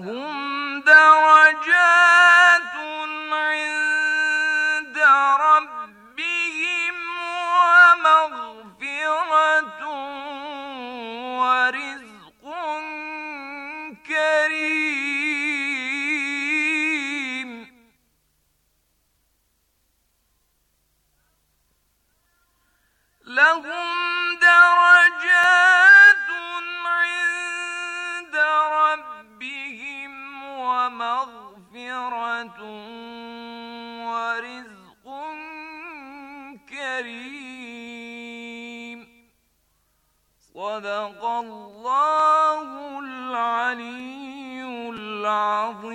لهم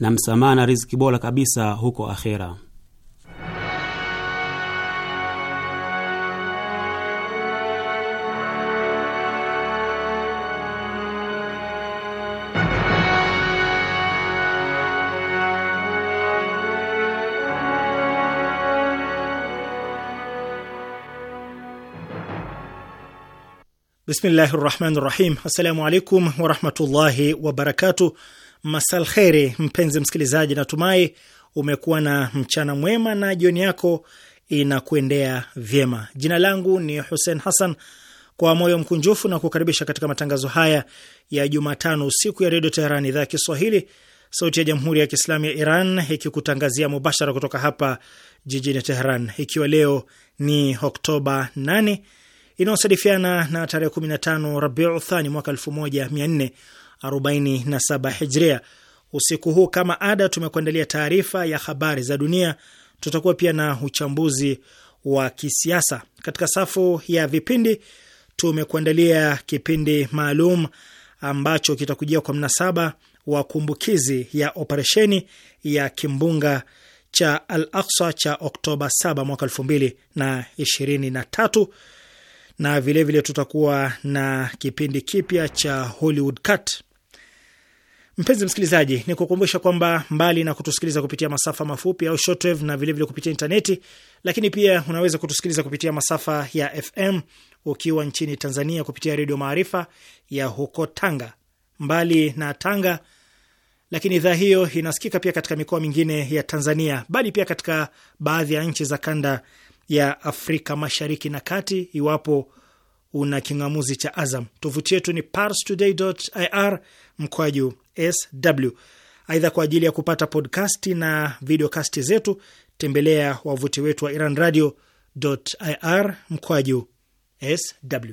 na msamaha na riziki bora kabisa huko akhera. Bismillahi rahmani rahim. Assalamu alaikum warahmatullahi wabarakatuh. Masalkheri mpenzi msikilizaji, natumai umekuwa na mchana mwema na jioni yako inakuendea vyema. Jina langu ni Hussein Hassan, kwa moyo mkunjufu na kukaribisha katika matangazo haya ya Jumatano usiku ya Redio Teheran, idhaa ya Kiswahili, sauti ya Jamhuri ya Kiislamu ya Iran, ikikutangazia mubashara kutoka hapa jijini Teheran, ikiwa leo ni Oktoba 8 inayosadifiana na tarehe 15 Rabiu Thani mwaka 1400 47 Hijria. Usiku huu kama ada, tumekuandalia taarifa ya habari za dunia, tutakuwa pia na uchambuzi wa kisiasa. Katika safu ya vipindi, tumekuandalia kipindi maalum ambacho kitakujia kwa mnasaba wa kumbukizi ya operesheni ya kimbunga cha Al Aksa cha Oktoba 7 mwaka 2023 na vilevile vile tutakuwa na kipindi kipya cha Hollywood Cut. Mpenzi msikilizaji, ni kukumbusha kwamba mbali na kutusikiliza kupitia masafa mafupi au shortwave na vilevile vile kupitia intaneti, lakini pia unaweza kutusikiliza kupitia masafa ya FM ukiwa nchini Tanzania kupitia Redio Maarifa ya huko Tanga. Mbali na Tanga, lakini idhaa hiyo inasikika pia katika mikoa mingine ya Tanzania, bali pia katika baadhi ya nchi za kanda ya Afrika Mashariki na Kati iwapo una king'amuzi cha Azam. Tovuti yetu ni parstoday.ir mkwaju sw. Aidha, kwa ajili ya kupata podkasti na videokasti zetu tembelea wavuti wetu wa Iran radio ir mkwaju sw.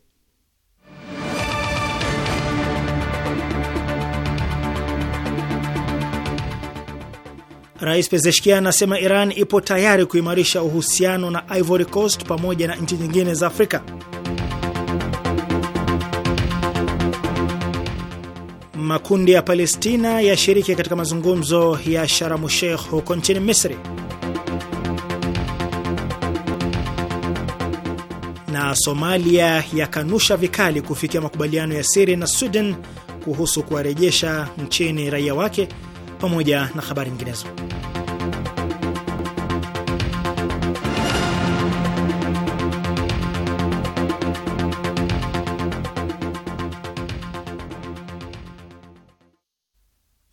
Rais Pezeshkian anasema Iran ipo tayari kuimarisha uhusiano na Ivory Coast pamoja na nchi nyingine za Afrika. Makundi ya Palestina yashiriki katika mazungumzo ya Sharamu Sheikh huko nchini Misri. Na Somalia yakanusha vikali kufikia makubaliano ya siri na Sweden kuhusu kuwarejesha nchini raia wake pamoja na habari nyinginezo.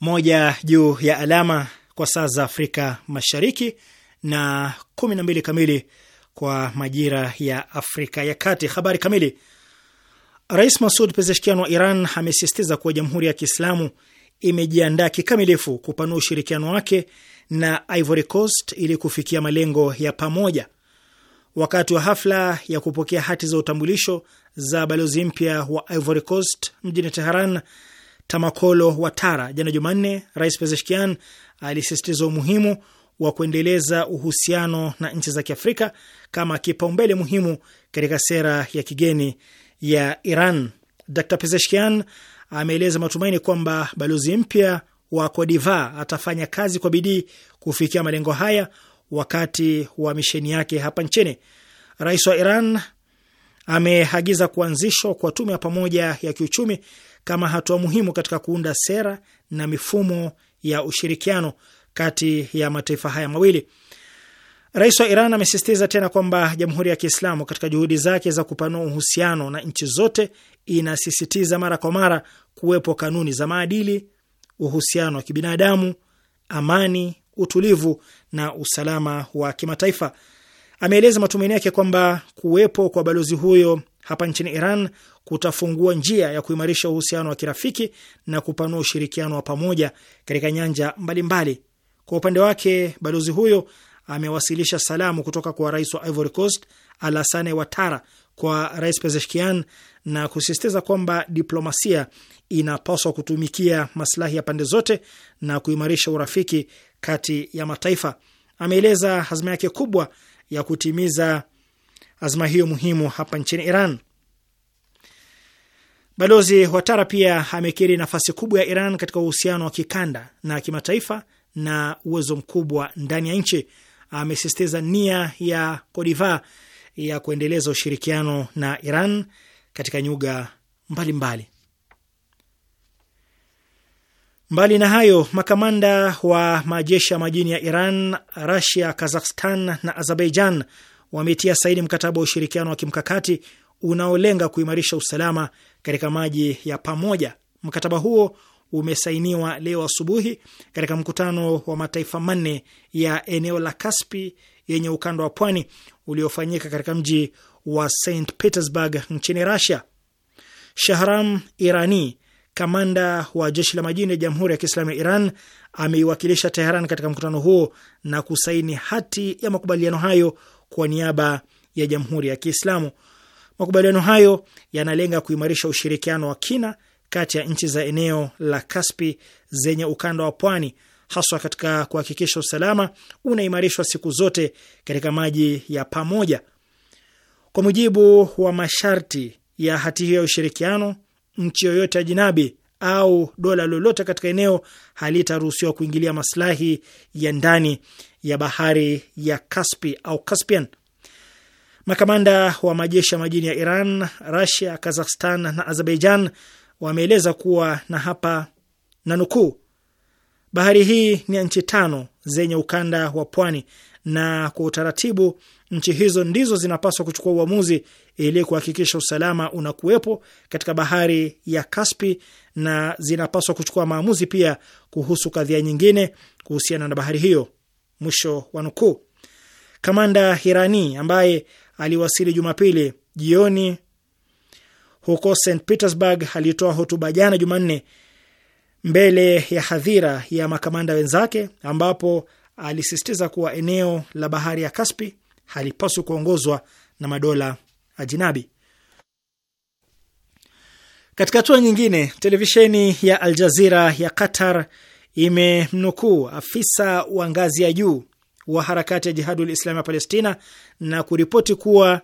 Moja juu ya alama kwa saa za Afrika Mashariki na kumi na mbili kamili kwa majira ya Afrika ya Kati. Habari kamili. Rais Masud Pezeshkian wa Iran amesisitiza kuwa Jamhuri ya Kiislamu imejiandaa kikamilifu kupanua ushirikiano wake na Ivory Coast ili kufikia malengo ya pamoja. Wakati wa hafla ya kupokea hati za utambulisho za balozi mpya wa Ivory Coast mjini Teheran, Tamakolo Watara, jana Jumanne, Rais Pezeshkian alisisitiza umuhimu wa kuendeleza uhusiano na nchi za Kiafrika kama kipaumbele muhimu katika sera ya kigeni ya Iran. Dr Pezeshkian ameeleza matumaini kwamba balozi mpya wa Kodiva atafanya kazi kwa bidii kufikia malengo haya wakati wa misheni yake hapa nchini. Rais wa Iran ameagiza kuanzishwa kwa tume ya pamoja ya kiuchumi kama hatua muhimu katika kuunda sera na mifumo ya ushirikiano kati ya mataifa haya mawili. Rais wa Iran amesisitiza tena kwamba Jamhuri ya Kiislamu katika juhudi zake za kupanua uhusiano na nchi zote inasisitiza mara kwa mara kuwepo kanuni za maadili, uhusiano wa kibinadamu, amani, utulivu na usalama wa kimataifa. Ameeleza matumaini yake kwamba kuwepo kwa balozi huyo hapa nchini Iran kutafungua njia ya kuimarisha uhusiano wa kirafiki na kupanua ushirikiano wa pamoja katika nyanja mbalimbali. Kwa upande wake, balozi huyo amewasilisha salamu kutoka kwa rais wa Ivory Coast Alassane Ouattara kwa rais Pezeshkian na kusisitiza kwamba diplomasia inapaswa kutumikia maslahi ya pande zote na kuimarisha urafiki kati ya mataifa. Ameeleza azma yake kubwa ya kutimiza azma hiyo muhimu hapa nchini Iran. Balozi Watara pia amekiri nafasi kubwa ya Iran katika uhusiano wa kikanda na kimataifa na uwezo mkubwa ndani ya nchi amesisitiza nia ya Kodiva ya kuendeleza ushirikiano na Iran katika nyuga mbalimbali mbali. Mbali na hayo, makamanda wa majeshi ya majini ya Iran, Rasia, Kazakhstan na Azerbaijan wametia saini mkataba wa ushirikiano wa kimkakati unaolenga kuimarisha usalama katika maji ya pamoja. Mkataba huo umesainiwa leo asubuhi katika mkutano wa mataifa manne ya eneo la Kaspi yenye ukanda wa pwani uliofanyika katika mji wa St Petersburg nchini Russia. Shahram Irani, kamanda wa jeshi la majini ya Jamhuri ya Kiislamu ya Iran, ameiwakilisha Teheran katika mkutano huo na kusaini hati ya makubaliano hayo kwa niaba ya Jamhuri ya Kiislamu. Makubaliano hayo yanalenga kuimarisha ushirikiano wa kina kati ya nchi za eneo la Kaspi zenye ukanda wa pwani, haswa katika kuhakikisha usalama unaimarishwa siku zote katika maji ya pamoja. Kwa mujibu wa masharti ya hati hiyo ya ushirikiano, nchi yoyote ya jinabi au dola lolote katika eneo halitaruhusiwa kuingilia maslahi ya ndani ya bahari ya Kaspi au Caspian. Makamanda wa majeshi ya majini ya Iran, Rasia, Kazakhstan na Azerbaijan wameeleza kuwa na hapa na nukuu, bahari hii ni nchi tano zenye ukanda wa pwani, na kwa utaratibu nchi hizo ndizo zinapaswa kuchukua uamuzi ili kuhakikisha usalama unakuwepo katika bahari ya Kaspi, na zinapaswa kuchukua maamuzi pia kuhusu kadhia nyingine kuhusiana na bahari hiyo, mwisho wa nukuu. Kamanda Hirani ambaye aliwasili Jumapili jioni huko St Petersburg alitoa hotuba jana Jumanne mbele ya hadhira ya makamanda wenzake, ambapo alisisitiza kuwa eneo la bahari ya Kaspi halipaswi kuongozwa na madola ajinabi. Katika hatua nyingine, televisheni ya Al Jazira ya Qatar imemnukuu afisa wa ngazi ya juu wa harakati ya Jihadul Islami ya Palestina na kuripoti kuwa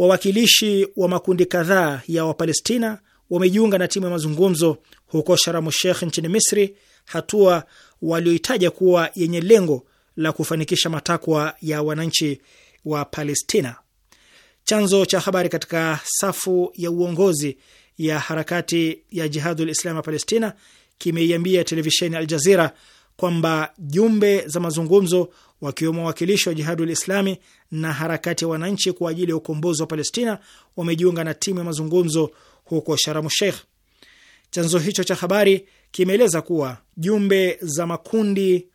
Wawakilishi wa makundi kadhaa ya Wapalestina wamejiunga na timu ya mazungumzo huko Sharamu Sheikh nchini Misri, hatua walioitaja kuwa yenye lengo la kufanikisha matakwa ya wananchi wa Palestina. Chanzo cha habari katika safu ya uongozi ya harakati ya Jihadul Islam ya Palestina kimeiambia televisheni Al Jazira kwamba jumbe za mazungumzo wakiwemo wawakilishi wa Jihadul Islami na harakati ya wananchi kwa ajili ya ukombozi wa Palestina wamejiunga na timu ya mazungumzo huko Sharamu Sheikh. Chanzo hicho cha habari kimeeleza kuwa jumbe za makundi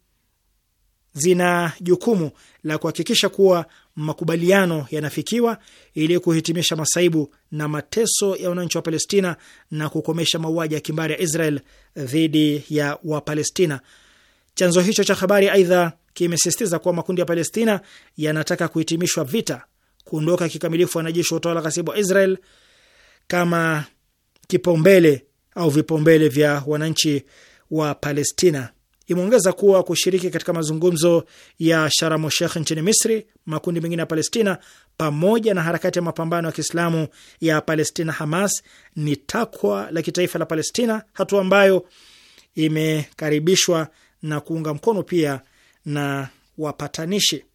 zina jukumu la kuhakikisha kuwa makubaliano yanafikiwa ili kuhitimisha masaibu na mateso ya wananchi wa Palestina na kukomesha mauaji ya kimbari ya Israel dhidi ya Wapalestina. Chanzo hicho cha habari aidha kimesisitiza kuwa makundi ya Palestina yanataka kuhitimishwa vita, kuondoka kikamilifu wanajeshi wa utawala ghasibu wa Israel kama kipaumbele au vipaumbele vya wananchi wa Palestina. Imeongeza kuwa kushiriki katika mazungumzo ya Sharamu el Sheikh nchini Misri, makundi mengine ya Palestina pamoja na harakati ya mapambano ya Kiislamu ya Palestina Hamas ni takwa la kitaifa la Palestina, hatua ambayo imekaribishwa na kuunga mkono pia na wapatanishi.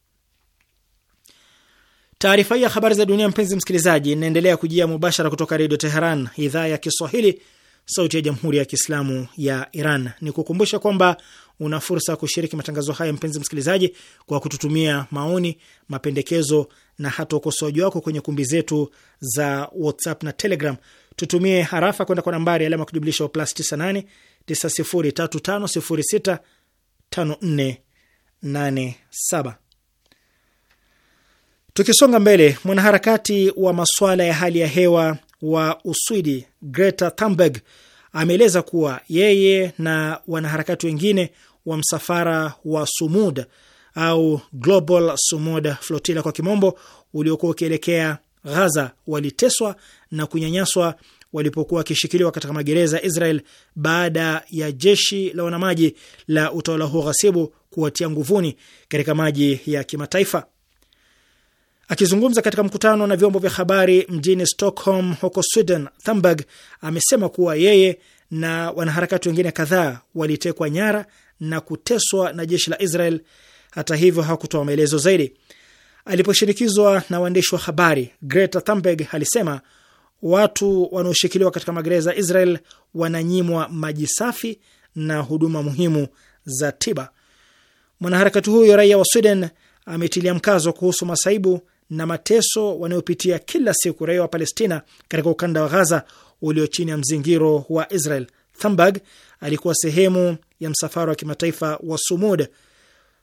Taarifa hii ya habari za dunia, mpenzi msikilizaji, inaendelea kujia mubashara kutoka Redio Teheran, idhaa ya Kiswahili, sauti ya jamhuri ya kiislamu ya Iran. Ni kukumbusha kwamba una fursa ya kushiriki matangazo haya, mpenzi msikilizaji, kwa kututumia maoni, mapendekezo na hata ukosoaji wako kwenye kumbi zetu za WhatsApp na Telegram. Tutumie harafa kwenda kwa nambari alama kujumlisha plus 98 903506 5487. Tukisonga mbele, mwanaharakati wa masuala ya hali ya hewa wa Uswidi Greta Thunberg ameeleza kuwa yeye na wanaharakati wengine wa msafara wa Sumud au Global Sumud Flotilla kwa kimombo, uliokuwa ukielekea Ghaza waliteswa na kunyanyaswa walipokuwa wakishikiliwa katika magereza ya Israel baada ya jeshi la wanamaji la utawala huo ghasibu kuwatia nguvuni katika maji ya kimataifa. Akizungumza katika mkutano na vyombo vya habari mjini Stockholm huko Sweden, Thunberg amesema kuwa yeye na wanaharakati wengine kadhaa walitekwa nyara na kuteswa na jeshi la Israel. Hata hivyo, hakutoa maelezo zaidi. Aliposhinikizwa na waandishi wa habari, Greta Thunberg alisema watu wanaoshikiliwa katika magereza ya Israel wananyimwa maji safi na huduma muhimu za tiba. Mwanaharakati huyo raia wa Sweden ametilia mkazo kuhusu masaibu na mateso wanayopitia kila siku raia wa Palestina katika ukanda wa gaza ulio chini ya mzingiro wa Israel. Thunberg alikuwa sehemu ya msafara wa kimataifa wa Sumud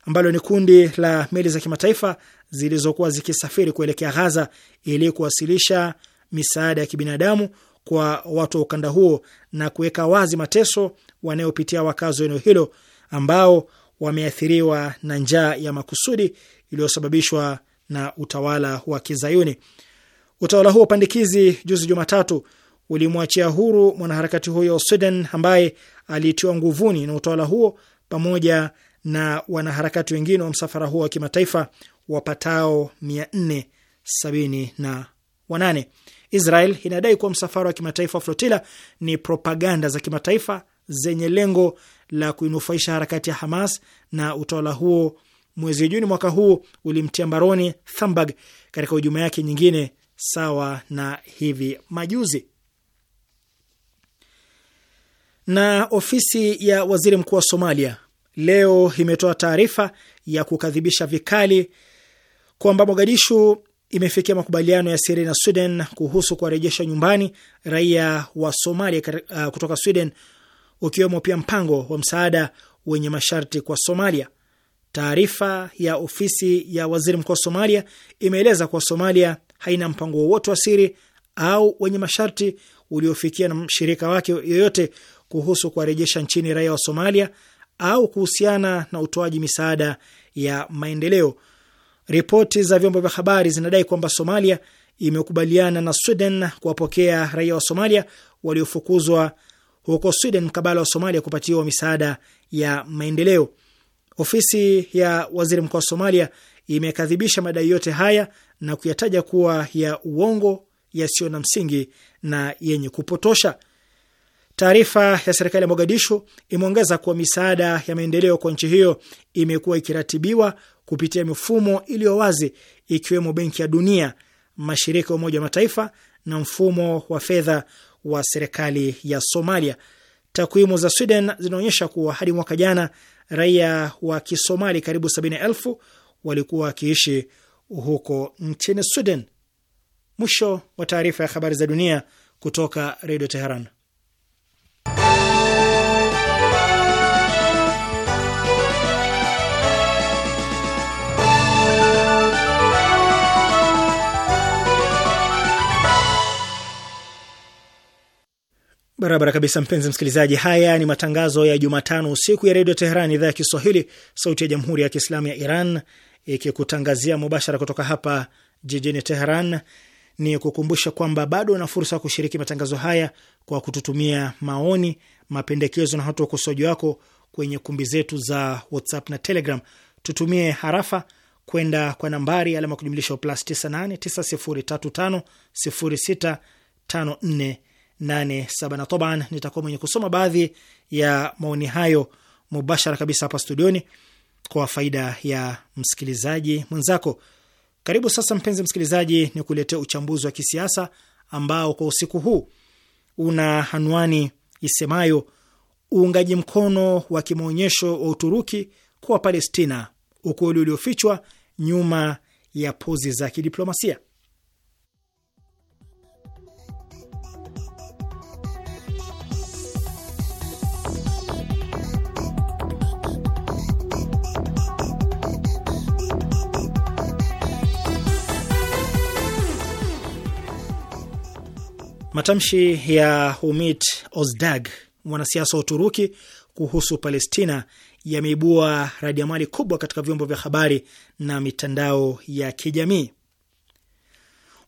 ambalo ni kundi la meli za kimataifa zilizokuwa zikisafiri kuelekea Ghaza ili kuwasilisha misaada ya kibinadamu kwa watu wa ukanda huo na kuweka wazi mateso wanayopitia wakazi wa eneo hilo ambao wameathiriwa na njaa ya makusudi iliyosababishwa na utawala wa Kizayuni. Utawala huo pandikizi juzi Jumatatu ulimwachia huru mwanaharakati huyo wa Sweden ambaye alitiwa nguvuni na utawala huo pamoja na wanaharakati wengine wa msafara huo wa kimataifa wapatao 478. Israel inadai kuwa msafara wa kimataifa wa flotila ni propaganda za kimataifa zenye lengo la kuinufaisha harakati ya Hamas, na utawala huo mwezi Juni mwaka huu ulimtia mbaroni Thunberg katika hujuma yake nyingine sawa na hivi majuzi. Na ofisi ya waziri mkuu wa Somalia leo imetoa taarifa ya kukadhibisha vikali kwamba Mogadishu imefikia makubaliano ya siri na Sweden kuhusu kuwarejesha nyumbani raia wa Somalia uh, kutoka Sweden, ukiwemo pia mpango wa msaada wenye masharti kwa Somalia. Taarifa ya ofisi ya waziri mkuu wa Somalia imeeleza kuwa Somalia haina mpango wowote wa siri au wenye masharti uliofikia na mshirika wake yoyote kuhusu kuwarejesha nchini raia wa Somalia au kuhusiana na utoaji misaada ya maendeleo. Ripoti za vyombo vya habari zinadai kwamba Somalia imekubaliana na Sweden kuwapokea raia wa Somalia waliofukuzwa huko Sweden mkabala wa Somalia kupatiwa misaada ya maendeleo. Ofisi ya waziri mkuu wa Somalia imekadhibisha madai yote haya na kuyataja kuwa ya uongo, yasiyo na msingi na yenye kupotosha. Taarifa ya serikali ya Mogadishu imeongeza kuwa misaada ya maendeleo kwa nchi hiyo imekuwa ikiratibiwa kupitia mifumo iliyo wazi ikiwemo Benki ya Dunia, mashirika ya Umoja wa Mataifa na mfumo wa fedha wa serikali ya Somalia. Takwimu za Sweden zinaonyesha kuwa hadi mwaka jana raia wa Kisomali karibu sabini elfu walikuwa wakiishi huko nchini Sweden. Mwisho wa taarifa ya habari za dunia kutoka Redio Teheran. Barabara kabisa, mpenzi msikilizaji. Haya ni matangazo ya Jumatano usiku ya redio Teheran, idhaa ya Kiswahili, sauti ya jamhuri ya kiislamu ya Iran, ikikutangazia mubashara kutoka hapa jijini Teheran. Ni kukumbusha kwamba bado una fursa ya kushiriki matangazo haya kwa kututumia maoni, mapendekezo na hata ukosoaji wako kwenye kumbi zetu za WhatsApp na Telegram. Tutumie harafa kwenda kwa nambari alama kujumlisha plus 98 90350654 87 na taban, nitakuwa mwenye kusoma baadhi ya maoni hayo mubashara kabisa hapa studioni kwa faida ya msikilizaji mwenzako. Karibu sasa, mpenzi msikilizaji, ni kuletea uchambuzi wa kisiasa ambao kwa usiku huu una anwani isemayo uungaji mkono wa kimaonyesho wa Uturuki kwa Palestina, ukweli uliofichwa nyuma ya pozi za kidiplomasia. Matamshi ya Humit Ozdag, mwanasiasa wa Uturuki, kuhusu Palestina yameibua radiamali kubwa katika vyombo vya habari na mitandao ya kijamii.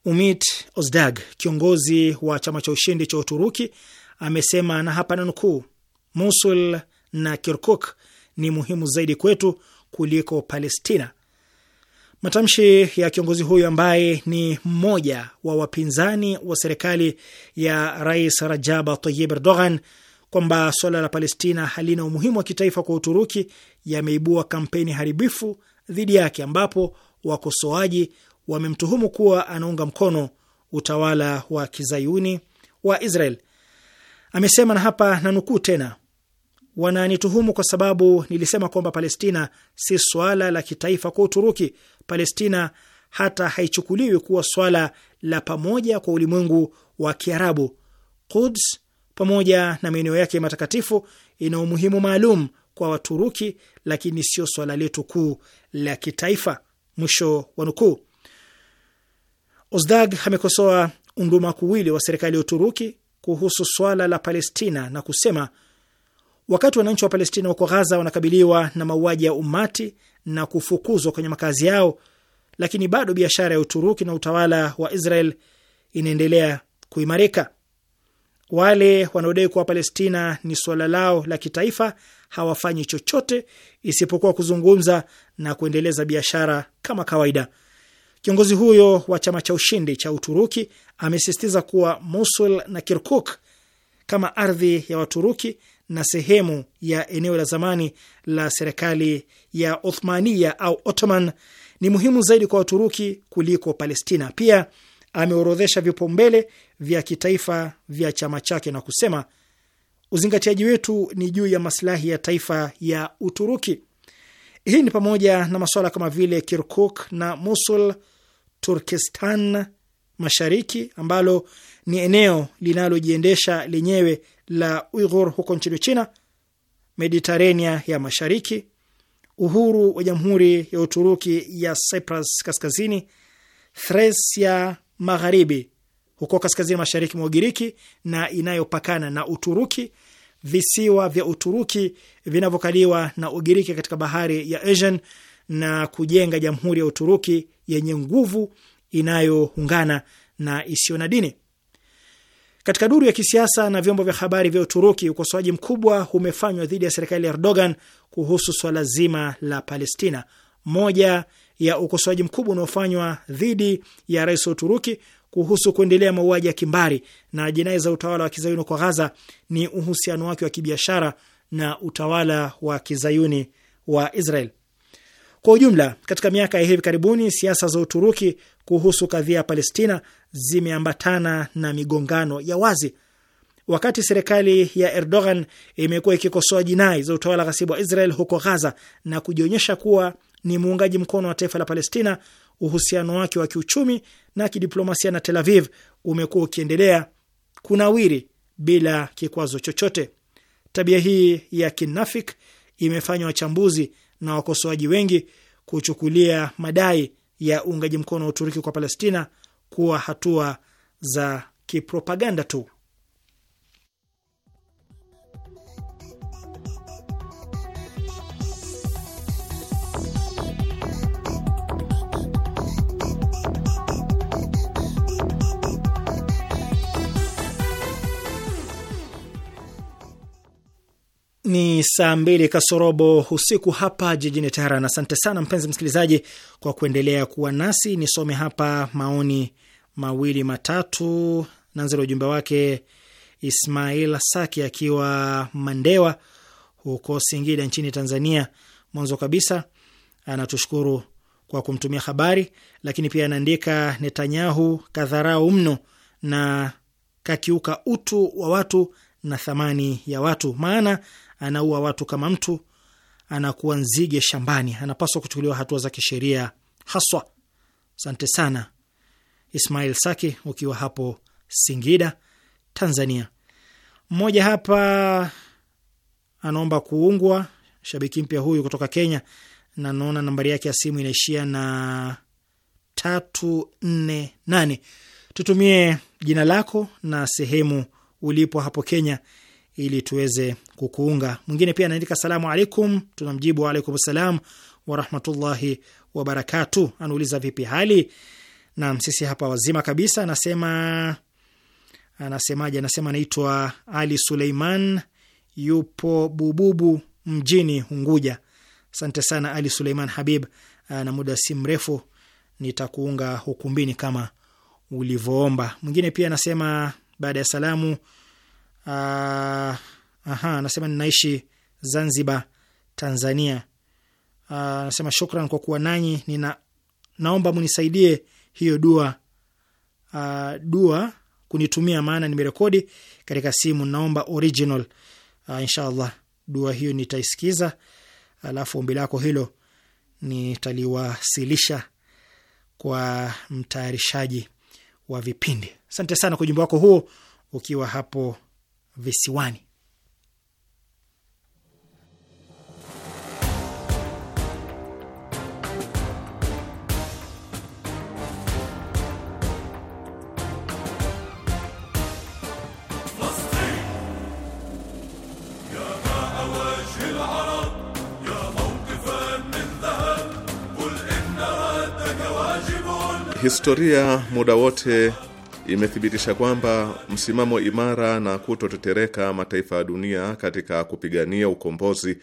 Umit Ozdag, kiongozi wa chama cha ushindi cha Uturuki, amesema na hapa nanukuu, Mosul na Kirkuk ni muhimu zaidi kwetu kuliko Palestina. Matamshi ya kiongozi huyo ambaye ni mmoja wa wapinzani wa serikali ya Rais Rajab Tayyip Erdogan kwamba suala la Palestina halina umuhimu wa kitaifa kwa Uturuki yameibua kampeni haribifu dhidi yake, ambapo wakosoaji wamemtuhumu kuwa anaunga mkono utawala wa kizayuni wa Israel. Amesema, na hapa na nukuu tena, wananituhumu kwa sababu nilisema kwamba Palestina si swala la kitaifa kwa Uturuki. Palestina hata haichukuliwi kuwa swala la pamoja kwa ulimwengu wa Kiarabu. Quds pamoja na maeneo yake matakatifu ina umuhimu maalum kwa Waturuki, lakini sio swala letu kuu la kitaifa. Mwisho wa nukuu. Ozdag amekosoa unduma kuwili wa serikali ya Uturuki kuhusu swala la Palestina na kusema Wakati wananchi wa Palestina huko Ghaza wanakabiliwa na mauaji ya umati na kufukuzwa kwenye makazi yao, lakini bado biashara ya Uturuki na utawala wa Israel inaendelea kuimarika. Wale wanaodai kuwa Palestina ni suala lao la kitaifa hawafanyi chochote isipokuwa kuzungumza na kuendeleza biashara kama kawaida. Kiongozi huyo wa chama cha ushindi cha Uturuki amesisitiza kuwa Mosul na Kirkuk kama ardhi ya Waturuki na sehemu ya eneo la zamani la serikali ya Othmania au Ottoman ni muhimu zaidi kwa Waturuki kuliko Palestina. Pia ameorodhesha vipaumbele vya kitaifa vya chama chake na kusema uzingatiaji wetu ni juu ya maslahi ya taifa ya Uturuki. Hii ni pamoja na masuala kama vile Kirkuk na Mosul, Turkestan Mashariki ambalo ni eneo linalojiendesha lenyewe la Uighur huko nchini China, Mediterania ya Mashariki, uhuru wa Jamhuri ya Uturuki ya Cyprus kaskazini, Thrace ya Magharibi huko kaskazini mashariki mwa Ugiriki na inayopakana na Uturuki, visiwa vya Uturuki vinavyokaliwa na Ugiriki katika bahari ya Aegean na kujenga Jamhuri ya Uturuki yenye nguvu inayoungana na isiyo na dini. Katika duru ya kisiasa na vyombo vya habari vya Uturuki, ukosoaji mkubwa umefanywa dhidi ya serikali ya Erdogan kuhusu swala zima la Palestina. Moja ya ukosoaji mkubwa unaofanywa dhidi ya rais wa Uturuki kuhusu kuendelea mauaji ya kimbari na jinai za utawala wa kizayuni kwa Ghaza ni uhusiano wake wa kibiashara na utawala wa kizayuni wa Israel. Kwa ujumla, katika miaka ya hivi karibuni, siasa za Uturuki kuhusu kadhia ya Palestina zimeambatana na migongano ya wazi. Wakati serikali ya Erdogan imekuwa ikikosoa jinai za utawala ghasibu wa Israel huko Ghaza na kujionyesha kuwa ni muungaji mkono wa taifa la Palestina, uhusiano wake wa kiuchumi na kidiplomasia na Tel Aviv umekuwa ukiendelea kunawiri bila kikwazo chochote. Tabia hii ya kinafik imefanya wachambuzi na wakosoaji wengi kuchukulia madai ya uungaji mkono wa Uturuki kwa Palestina kuwa hatua za kipropaganda tu. ni saa mbili kasorobo usiku hapa jijini Teheran. Asante sana mpenzi msikilizaji kwa kuendelea kuwa nasi. Nisome hapa maoni mawili matatu. Naanza na ujumbe wake Ismail Saki akiwa Mandewa huko Singida nchini Tanzania. Mwanzo kabisa anatushukuru kwa kumtumia habari, lakini pia anaandika Netanyahu kadharau mno na kakiuka utu wa watu na thamani ya watu, maana anaua watu kama mtu, anakuwa nzige shambani, anapaswa kuchukuliwa hatua za kisheria haswa. Asante sana Ismail Saki ukiwa hapo Singida, Tanzania. Mmoja hapa anaomba kuungwa, shabiki mpya huyu kutoka Kenya, na naona nambari yake ya simu inaishia na tatu nne nane. Tutumie jina lako na sehemu ulipo hapo Kenya ili tuweze kukuunga. Mwingine pia anaandika salamu alaikum, tunamjibu waalaikum salam warahmatullahi wabarakatu. Anauliza vipi hali? Naam, sisi hapa wazima kabisa. Anasema anasemaje? Anasema anaitwa Ali Suleiman, yupo Bububu mjini Unguja. Asante sana Ali Suleiman Habib, na muda si mrefu nitakuunga ukumbini kama ulivyoomba. Mwingine pia anasema baada ya salamu Ah, aha, anasema ninaishi Zanzibar, Tanzania. Ah, anasema shukran kwa kuwa nanyi, nina naomba munisaidie hiyo dua aa, ah, dua kunitumia, maana nimerekodi katika simu, naomba original. aa, inshallah dua hiyo nitaisikiza, alafu ombi lako hilo nitaliwasilisha kwa mtayarishaji wa vipindi. Asante sana kwa ujumbe wako huo ukiwa hapo visiwani. Historia muda wote imethibitisha kwamba msimamo imara na kutotetereka mataifa ya dunia katika kupigania ukombozi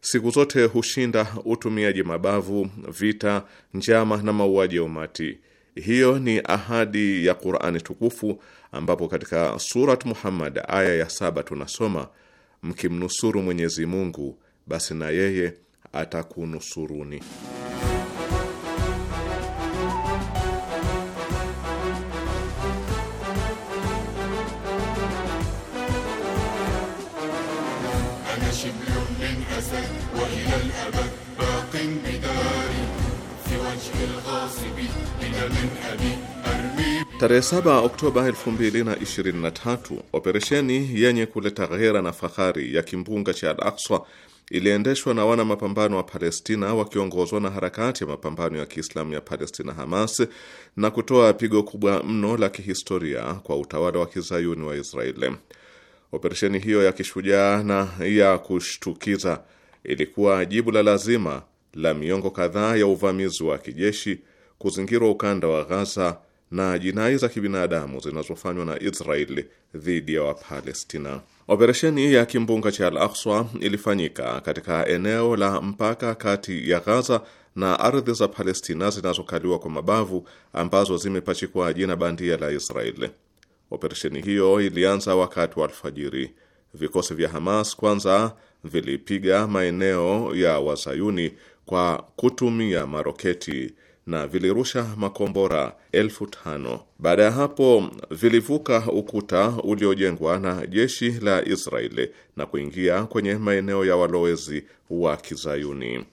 siku zote hushinda utumiaji mabavu, vita, njama na mauaji ya umati. Hiyo ni ahadi ya Qur'ani tukufu, ambapo katika Surat Muhammad aya ya saba tunasoma mkimnusuru Mwenyezi Mungu basi na yeye atakunusuruni. Tarehe 7 Oktoba 2023 operesheni yenye kuleta ghera na fahari ya kimbunga cha Al Aqsa iliendeshwa na wana mapambano wa Palestina wakiongozwa na harakati ya mapambano ya Kiislamu ya Palestina Hamas na kutoa pigo kubwa mno la kihistoria kwa utawala wa kizayuni wa Israeli. Operesheni hiyo ya kishujaa na ya kushtukiza ilikuwa jibu la lazima la miongo kadhaa ya uvamizi wa kijeshi, kuzingirwa ukanda wa Ghaza na jinai za kibinadamu zinazofanywa na Israeli dhidi ya Wapalestina. Operesheni ya kimbunga cha Al Akswa ilifanyika katika eneo la mpaka kati ya Ghaza na ardhi za Palestina zinazokaliwa kwa mabavu ambazo zimepachikwa jina bandia la Israeli. Operesheni hiyo ilianza wakati wa alfajiri. Vikosi vya Hamas kwanza vilipiga maeneo ya Wazayuni kwa kutumia maroketi na vilirusha makombora elfu tano. Baada ya hapo vilivuka ukuta uliojengwa na jeshi la Israeli na kuingia kwenye maeneo ya walowezi wa Kizayuni.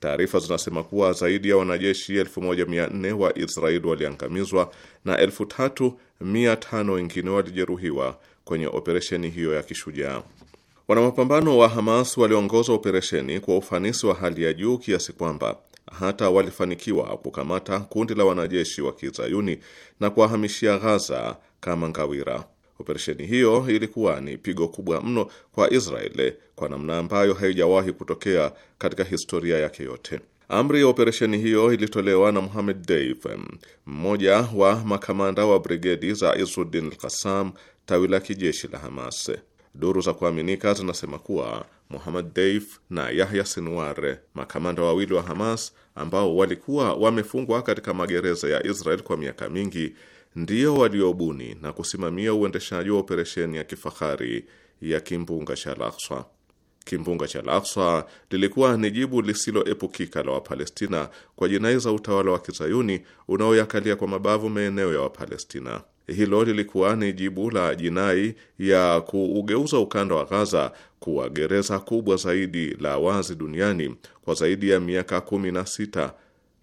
Taarifa zinasema kuwa zaidi ya wanajeshi 1400 wa Israeli waliangamizwa na 3500 wengine walijeruhiwa kwenye operesheni hiyo ya kishujaa. Wanamapambano wa Hamas waliongoza operesheni kwa ufanisi wa hali ya juu kiasi kwamba hata walifanikiwa kukamata kundi la wanajeshi wa kizayuni na kuwahamishia Ghaza kama ngawira. Operesheni hiyo ilikuwa ni pigo kubwa mno kwa Israeli kwa namna ambayo haijawahi kutokea katika historia yake yote. Amri ya operesheni hiyo ilitolewa na muhamed Deif, mmoja wa makamanda wa brigedi za Izzuddin al-Qassam, tawi la kijeshi la Hamas. Duru za kuaminika zinasema kuwa Muhammad Deif na Yahya Sinwar, makamanda wawili wa Hamas ambao walikuwa wamefungwa katika magereza ya Israel kwa miaka mingi, ndio waliobuni na kusimamia uendeshaji wa operesheni ya kifahari ya kimbunga cha Al-Aqsa. Kimbunga cha Al-Aqsa lilikuwa ni jibu lisiloepukika la Wapalestina kwa jinai za utawala wa kizayuni unaoyakalia kwa mabavu maeneo ya Wapalestina hilo lilikuwa ni jibu la jinai ya kuugeuza ukanda wa Ghaza kuwa gereza kubwa zaidi la wazi duniani kwa zaidi ya miaka kumi na sita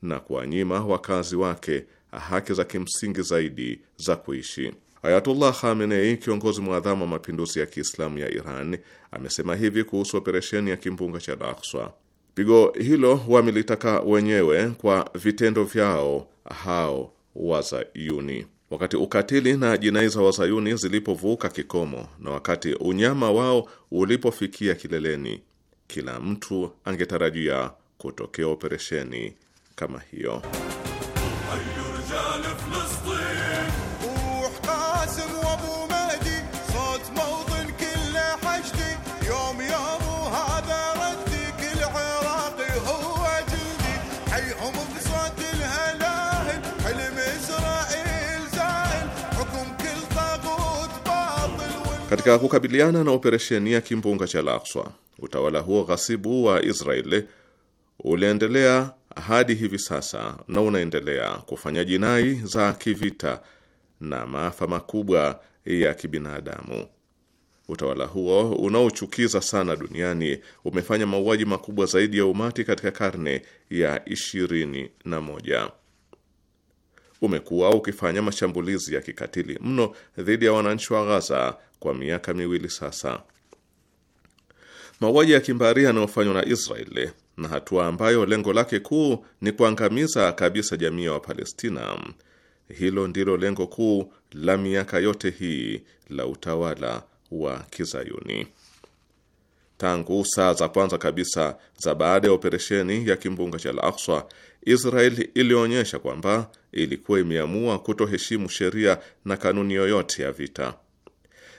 na kuwanyima wakazi wake haki za kimsingi zaidi za kuishi. Ayatullah Khamenei, kiongozi mwadhamu wa mapinduzi ya Kiislamu ya Iran, amesema hivi kuhusu operesheni ya kimbunga cha Al-Aqsa: pigo hilo wamelitaka wenyewe kwa vitendo vyao hao wazayuni. Wakati ukatili na jinai za wazayuni zilipovuka kikomo na wakati unyama wao ulipofikia kileleni, kila mtu angetarajia kutokea operesheni kama hiyo. Katika kukabiliana na operesheni ya kimbunga cha Al-Aqsa, utawala huo ghasibu wa Israeli uliendelea hadi hivi sasa na unaendelea kufanya jinai za kivita na maafa makubwa ya kibinadamu. Utawala huo unaochukiza sana duniani umefanya mauaji makubwa zaidi ya umati katika karne ya ishirini na moja umekuwa ukifanya mashambulizi ya kikatili mno dhidi ya wananchi wa Ghaza kwa miaka miwili sasa. Mauaji ya kimbari yanayofanywa na Israeli na hatua ambayo lengo lake kuu ni kuangamiza kabisa jamii ya Wapalestina, hilo ndilo lengo kuu la miaka yote hii la utawala wa Kizayuni. Tangu saa za kwanza kabisa za baada ya operesheni ya kimbunga cha Al-Aqsa, Israel ilionyesha kwamba ilikuwa imeamua kutoheshimu sheria na kanuni yoyote ya vita.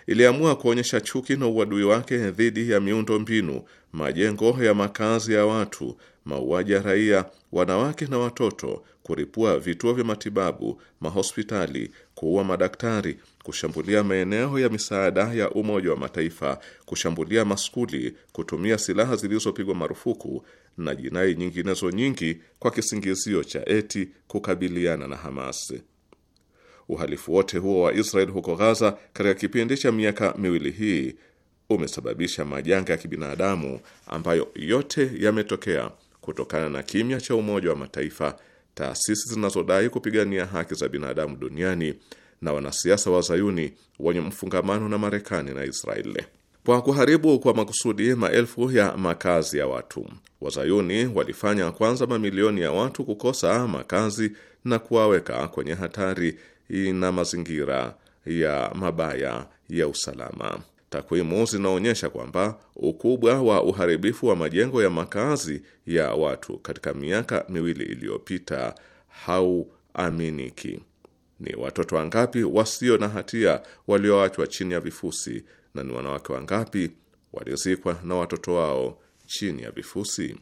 Iliamua kuonyesha chuki na uadui wake dhidi ya miundo mbinu, majengo ya makazi ya watu, mauaji ya raia, wanawake na watoto, kuripua vituo vya matibabu, mahospitali, kuua madaktari, kushambulia maeneo ya misaada ya Umoja wa Mataifa, kushambulia maskuli, kutumia silaha zilizopigwa marufuku na jinai nyinginezo nyingi kwa kisingizio cha eti kukabiliana na Hamas. Uhalifu wote huo wa Israel huko Gaza katika kipindi cha miaka miwili hii umesababisha majanga ya kibinadamu ambayo yote yametokea kutokana na kimya cha Umoja wa Mataifa taasisi zinazodai kupigania haki za binadamu duniani na wanasiasa wa Zayuni wenye mfungamano na Marekani na Israeli. Kwa kuharibu kwa makusudi maelfu ya makazi ya watu, Wazayuni walifanya kwanza mamilioni ya watu kukosa makazi na kuwaweka kwenye hatari na mazingira ya mabaya ya usalama takwimu zinaonyesha kwamba ukubwa wa uharibifu wa majengo ya makazi ya watu katika miaka miwili iliyopita hauaminiki. Ni watoto wangapi wasio na hatia walioachwa chini ya vifusi, na ni wanawake wangapi walizikwa na watoto wao chini ya vifusi?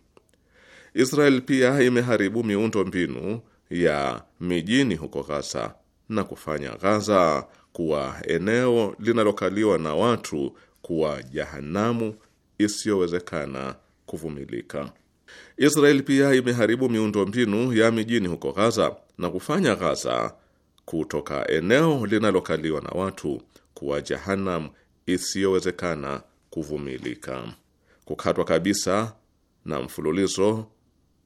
Israel pia imeharibu miundo mbinu ya mijini huko Gaza na kufanya Gaza kuwa eneo linalokaliwa na watu kuwa jahanamu isiyowezekana kuvumilika. Israel pia imeharibu miundombinu ya mijini huko Gaza na kufanya Gaza kutoka eneo linalokaliwa na watu kuwa jahanamu isiyowezekana kuvumilika. Kukatwa kabisa na mfululizo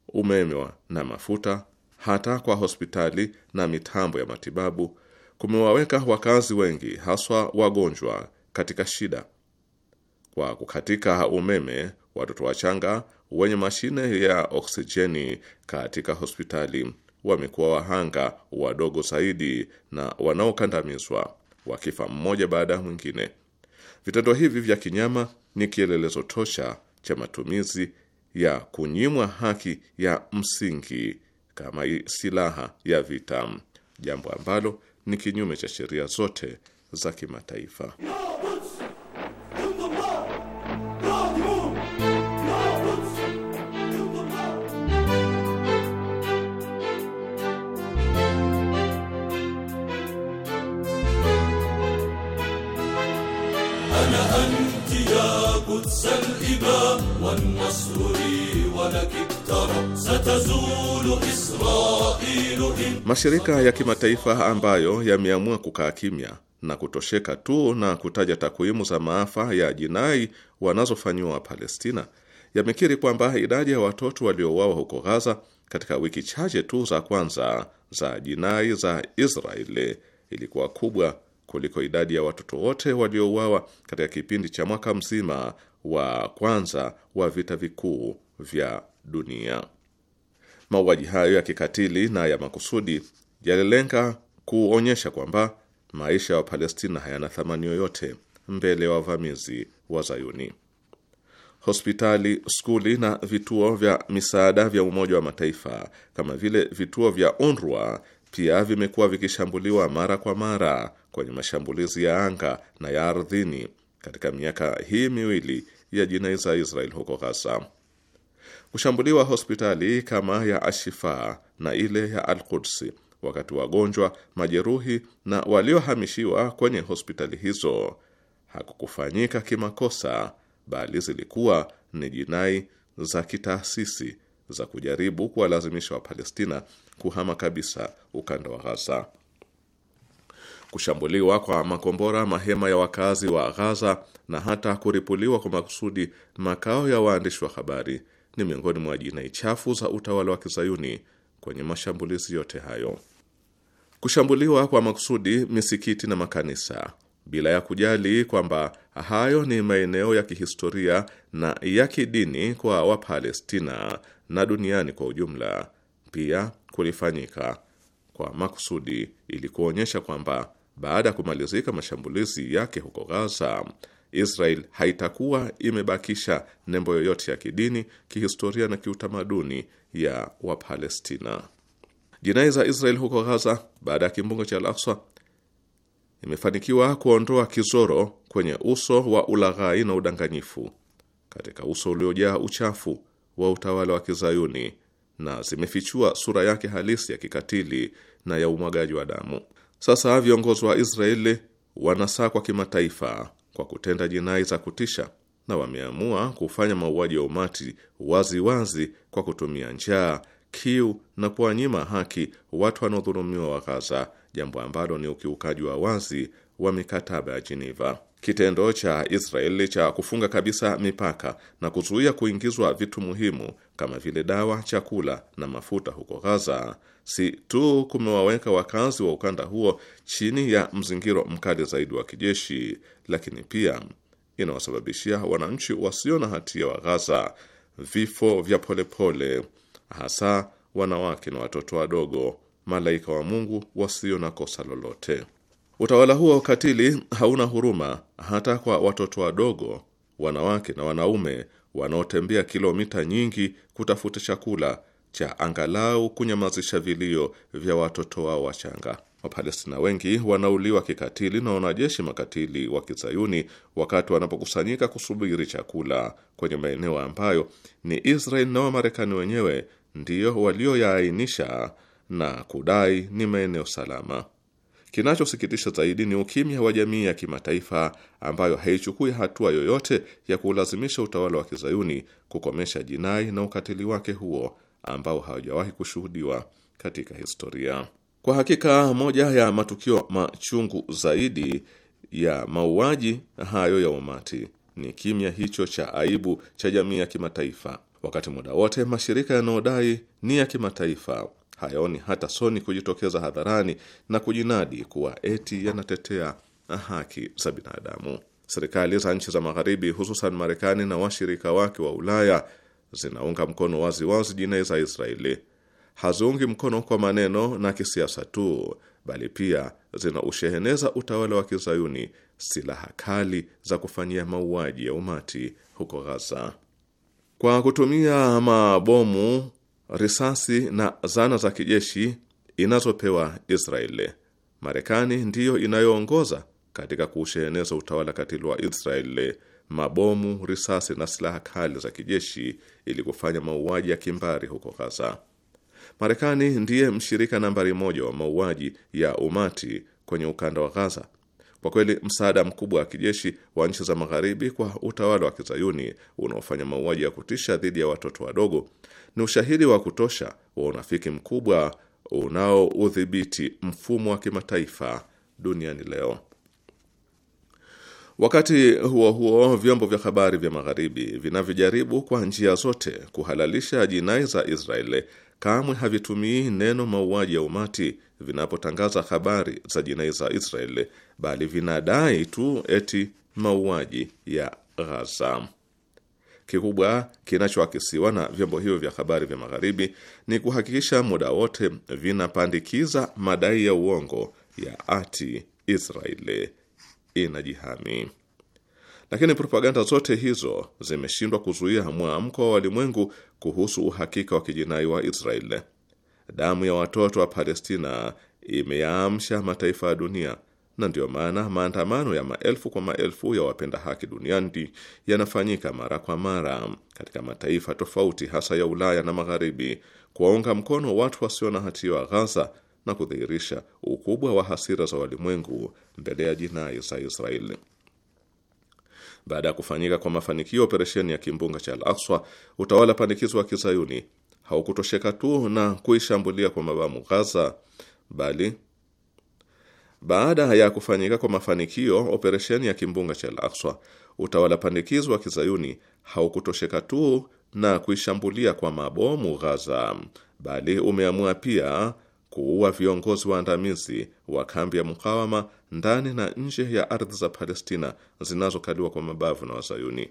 umeme na mafuta hata kwa hospitali na mitambo ya matibabu kumewaweka wakazi wengi haswa wagonjwa katika shida. Kwa kukatika umeme, watoto wachanga wenye mashine ya oksijeni katika hospitali wamekuwa wahanga wadogo zaidi na wanaokandamizwa, wakifa mmoja baada ya mwingine. Vitendo hivi vya kinyama ni kielelezo tosha cha matumizi ya kunyimwa haki ya msingi kama silaha ya vita, jambo ambalo ni kinyume cha sheria zote za kimataifa. Mashirika ya kimataifa ambayo yameamua kukaa kimya na kutosheka tu na kutaja takwimu za maafa ya jinai wanazofanyiwa Palestina yamekiri kwamba idadi ya watoto waliouawa huko Gaza katika wiki chache tu za kwanza za jinai za Israeli ilikuwa kubwa kuliko idadi ya watoto wote waliouawa katika kipindi cha mwaka mzima wa kwanza wa vita vikuu vya dunia. Mauaji hayo ya kikatili na ya makusudi yalilenga kuonyesha kwamba maisha ya wa Wapalestina hayana thamani yoyote mbele ya wa wavamizi wa Zayuni. Hospitali, skuli na vituo vya misaada vya Umoja wa Mataifa kama vile vituo vya UNRWA pia vimekuwa vikishambuliwa mara kwa mara kwenye mashambulizi ya anga na ya ardhini katika miaka hii miwili ya jinai za Israel huko Gaza. Kushambuliwa hospitali kama ya Ashifa na ile ya Al-Quds wakati wagonjwa, majeruhi na waliohamishiwa kwenye hospitali hizo hakukufanyika kimakosa, bali zilikuwa ni jinai za kitaasisi za kujaribu kuwalazimisha Wapalestina kuhama kabisa ukanda wa Ghaza. Kushambuliwa kwa makombora mahema ya wakazi wa Ghaza na hata kuripuliwa kwa makusudi makao ya waandishi wa habari ni miongoni mwa jinai chafu za utawala wa kizayuni kwenye mashambulizi yote hayo. Kushambuliwa kwa makusudi misikiti na makanisa bila ya kujali kwamba hayo ni maeneo ya kihistoria na ya kidini kwa Wapalestina na duniani kwa ujumla, pia kulifanyika kwa makusudi ili kuonyesha kwamba baada ya kumalizika mashambulizi yake huko Gaza, Israel haitakuwa imebakisha nembo yoyote ya kidini, kihistoria na kiutamaduni ya Wapalestina. Jinai za Israel huko Gaza baada ya kimbunga cha Al-Aqsa imefanikiwa kuondoa kizoro kwenye uso wa ulaghai na udanganyifu, katika uso uliojaa uchafu wa utawala wa Kizayuni, na zimefichua sura yake halisi ya kikatili na ya umwagaji wa damu. Sasa viongozi wa Israeli wanasaa kwa kimataifa kwa kutenda jinai za kutisha na wameamua kufanya mauaji ya umati waziwazi wazi kwa kutumia njaa, kiu na kuwanyima haki watu wanaodhulumiwa wa Gaza, jambo ambalo ni ukiukaji wa wazi wa mikataba ya Jeneva. Kitendo cha Israeli cha kufunga kabisa mipaka na kuzuia kuingizwa vitu muhimu kama vile dawa, chakula na mafuta huko Gaza si tu kumewaweka wakazi wa ukanda huo chini ya mzingiro mkali zaidi wa kijeshi, lakini pia inawasababishia wananchi wasio na hatia wa Ghaza vifo vya polepole, hasa wanawake na watoto wadogo, malaika wa Mungu wasio na kosa lolote. Utawala huo katili hauna huruma hata kwa watoto wadogo, wanawake na wanaume wanaotembea kilomita nyingi kutafuta chakula cha angalau kunyamazisha vilio vya watoto wao wachanga. Wapalestina wengi wanauliwa kikatili na wanajeshi makatili wa kizayuni wakati wanapokusanyika kusubiri chakula kwenye maeneo ambayo ni Israel na Wamarekani wenyewe ndiyo walioyaainisha na kudai ni maeneo salama. Kinachosikitisha zaidi ni ukimya wa jamii ya kimataifa ambayo haichukui hatua yoyote ya kuulazimisha utawala wa kizayuni kukomesha jinai na ukatili wake huo ambao hawajawahi kushuhudiwa katika historia. Kwa hakika moja ya matukio machungu zaidi ya mauaji hayo ya umati ni kimya hicho cha aibu cha jamii ya kimataifa. Wakati muda wote mashirika yanayodai ni ya kimataifa hayaoni hata soni kujitokeza hadharani na kujinadi kuwa eti yanatetea haki za binadamu. Serikali za nchi za Magharibi, hususan Marekani na washirika wake wa Ulaya zinaunga mkono wazi wazi jinai za Israeli. Haziungi mkono kwa maneno na kisiasa tu, bali pia zinausheheneza utawala wa kizayuni silaha kali za kufanyia mauaji ya umati huko Gaza kwa kutumia mabomu, risasi na zana za kijeshi inazopewa Israeli. Marekani ndiyo inayoongoza katika kuusheheneza utawala katili wa Israeli mabomu, risasi na silaha kali za kijeshi ili kufanya mauaji ya kimbari huko Gaza. Marekani ndiye mshirika nambari moja wa mauaji ya umati kwenye ukanda wa Gaza. Kwa kweli msaada mkubwa wa kijeshi wa nchi za magharibi kwa utawala wa kizayuni unaofanya mauaji ya kutisha dhidi ya watoto wadogo ni ushahidi wa kutosha wa unafiki mkubwa unaoudhibiti mfumo wa kimataifa duniani leo. Wakati huo huo, vyombo vya habari vya magharibi vinavyojaribu kwa njia zote kuhalalisha jinai za Israeli kamwe havitumii neno mauaji ya umati vinapotangaza habari za jinai za Israeli, bali vinadai tu eti mauaji ya Ghaza. Kikubwa kinachoakisiwa na vyombo hivyo vya habari vya magharibi ni kuhakikisha muda wote vinapandikiza madai ya uongo ya ati Israeli inajihami. Lakini propaganda zote hizo zimeshindwa kuzuia mwamko wa walimwengu kuhusu uhakika wa kijinai wa Israel. Damu ya watoto wa Palestina imeyaamsha mataifa ya dunia, na ndiyo maana maandamano ya maelfu kwa maelfu ya wapenda haki duniani yanafanyika mara kwa mara katika mataifa tofauti, hasa ya Ulaya na Magharibi, kuwaunga mkono watu wasio na hatia wa Ghaza na kudhihirisha ukubwa wa hasira za walimwengu mbele ya jinai za Israeli. Baada ya kufanyika kwa mafanikio operesheni ya kimbunga cha Al-Aqsa, utawala panikizo wa kizayuni haukutosheka tu na kuishambulia kwa mabamu Gaza, bali baada ya kufanyika kwa mafanikio operesheni ya kimbunga cha Al-Aqsa, utawala pandikizo wa kizayuni haukutosheka tu na kuishambulia kwa mabomu Ghaza, bali umeamua pia kuua viongozi waandamizi wa kambi ya mukawama ndani na nje ya ardhi za Palestina zinazokaliwa kwa mabavu na Wazayuni.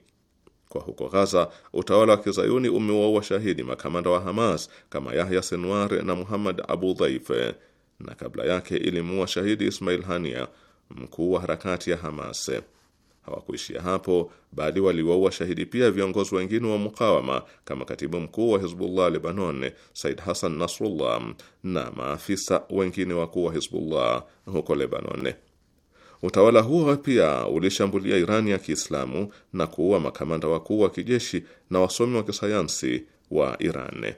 Kwa huko Ghaza, utawala wa kizayuni umewaua shahidi makamanda wa Hamas kama Yahya Senwar na Muhammad Abu Dhaif, na kabla yake ilimuua shahidi Ismail Hania, mkuu wa harakati ya Hamas. Hawakuishia hapo, bali waliwaua shahidi pia viongozi wengine wa mukawama kama katibu mkuu wa Hizbullah Lebanon Said Hassan Nasrullah na maafisa wengine wakuu wa Hizbullah huko Lebanon. Utawala huo pia ulishambulia Irani ya Kiislamu na kuua makamanda wakuu wa kijeshi na wasomi wa kisayansi wa Iran.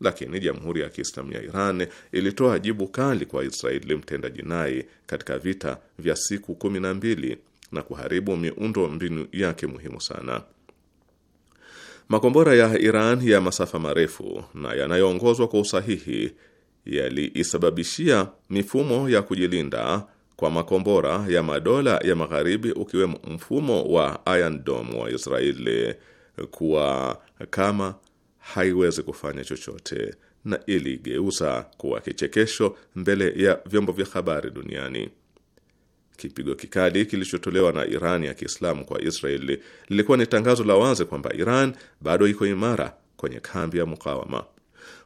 Lakini Jamhuri ya Kiislamu ya Iran ilitoa jibu kali kwa Israeli mtenda jinai katika vita vya siku kumi na mbili na kuharibu miundo mbinu yake muhimu sana. Makombora ya Iran ya masafa marefu na yanayoongozwa kwa usahihi yaliisababishia mifumo ya kujilinda kwa makombora ya madola ya magharibi ukiwemo mfumo wa Iron Dome wa Israeli kuwa kama haiwezi kufanya chochote na iligeuza kuwa kichekesho mbele ya vyombo vya habari duniani. Kipigo kikali kilichotolewa na Iran ya Kiislamu kwa Israeli lilikuwa ni tangazo la wazi kwamba Iran bado iko imara kwenye kambi ya mukawama.